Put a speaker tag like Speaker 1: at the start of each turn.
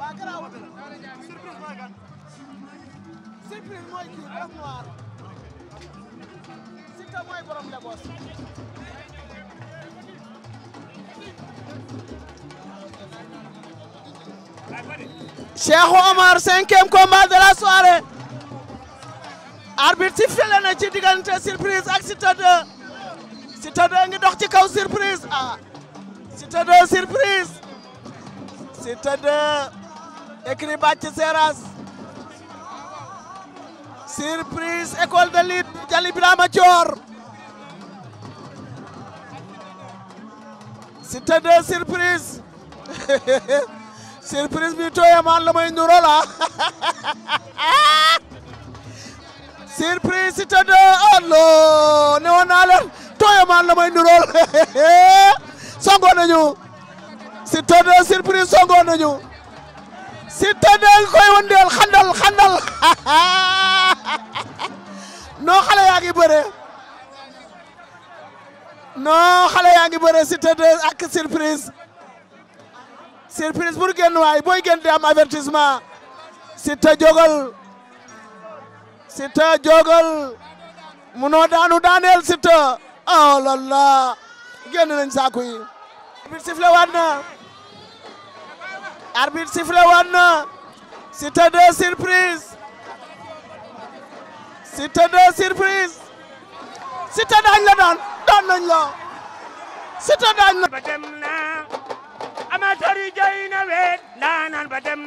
Speaker 1: waa garaawul surprise mooy kan surprise mooy kii
Speaker 2: daf arbitre si fele na ci diggante surprise ak Siteu 2 Siteu 2 ngi dox ci kaw surprise ah Siteu 2 surprise Siteu 2 écrit bàcc Seras surprise école de lutte Jali Birama Thior Siteu 2 surprise surprise bi tooyamaan la may nuroo la prix Cité de allo ne woon naa leen tooyamaan la may nurool songoon nañu Cité de surprise songoon nañu Cité de koy wëndeel xandal xandal non xale yaa ngi bëre non xale yaa ngi bëre Cité de ak surprise surprise pour génn waay booy génn di am avertissement Cité jógal Siteu jógal munoo daanu daaneel Siteu oh la la génn nañ saako yi. arbitre sifflé waat na arbitre sifflé waat na Siteu deux surprise Siteu deux surprise Siteu daañ la daan daan nañ la Siteu daañ la. ba dem na amateur yi jëy na weet daan naan ba